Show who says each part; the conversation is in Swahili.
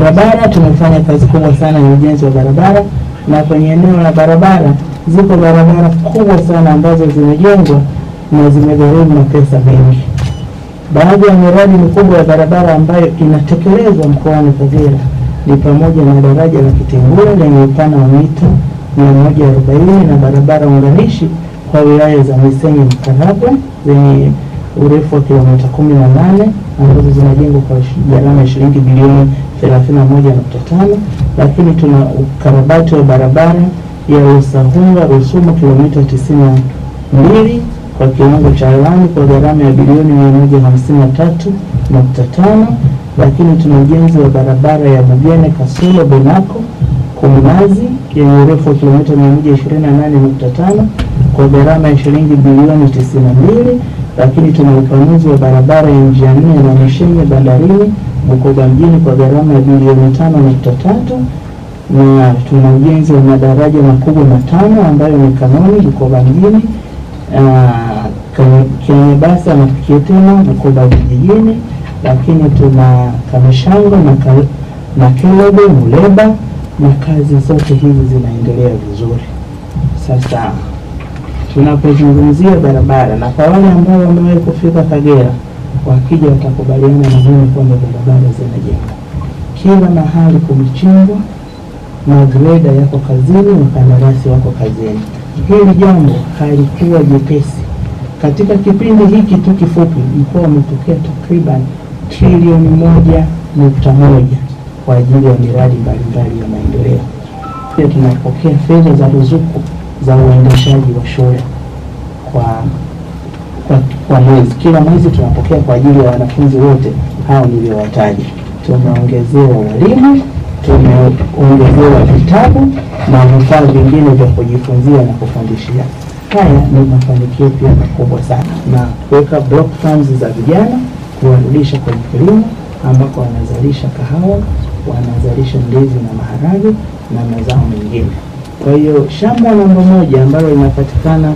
Speaker 1: barabara tumefanya kazi kubwa sana ya ujenzi wa barabara, na kwenye eneo la barabara ziko barabara kubwa sana ambazo zimejengwa na zimegharimu na pesa mengi. Baadhi ya miradi mikubwa ya barabara ambayo inatekelezwa mkoani Kagera ni pamoja na daraja la Kitengule lenye upana wa mita 140 na barabara unganishi kwa wilaya za Misenyi na Karagwe zenye urefu wa kilomita 18 na ambazo zinajengwa kwa gharama ya shilingi bilioni 31.5, lakini tuna ukarabati wa barabara ya Usahunga Rusumo kilomita 92 kwa kiwango cha lami kwa gharama ya bilioni 153.5, lakini tuna ujenzi wa barabara ya Bugene Kasulo Bonako Kumnazi yenye urefu wa kilomita 128.5 kwa gharama ya shilingi bilioni 92 lakini tuna upanuzi wa barabara ya njia nne na Mishenye bandarini Bukoba mjini kwa gharama ya bilioni tano nukta tatu na tuna ujenzi wa madaraja makubwa matano ambayo ni Kanoni Bukoba mjini, ah, Kinyabasa na Kietema Bukoba vijijini, lakini tuna Kameshango na Kelebe Muleba, na kazi zote hizi zinaendelea vizuri sasa tunapozungumzia barabara, na kwa wale ambao wamewahi kufika Kagera wakija watakubaliana na mimi kwamba barabara zinajengwa kila mahali, kumechimbwa, magreda yako kazini, wakandarasi wako kazini. Hili jambo halikuwa jepesi. Katika kipindi hiki tu kifupi, mkoa umetokea takriban trilioni moja nukta moja kwa ajili ya miradi mbalimbali ya maendeleo. Pia tunapokea fedha za ruzuku za uendeshaji wa shule kwa, kwa, kwa mwezi. Kila mwezi tunapokea kwa ajili ya wanafunzi wote hao niliowataja. Tumeongezewa walimu, tumeongezewa vitabu na vifaa vingine vya kujifunzia na kufundishia. Haya ni mafanikio pia makubwa sana, na kuweka block farms za vijana kuwarudisha kwenye kilimo ambako wanazalisha kahawa, wanazalisha ndizi na maharage na mazao mengine. Kwa hiyo shamba namba moja ambalo linapatikana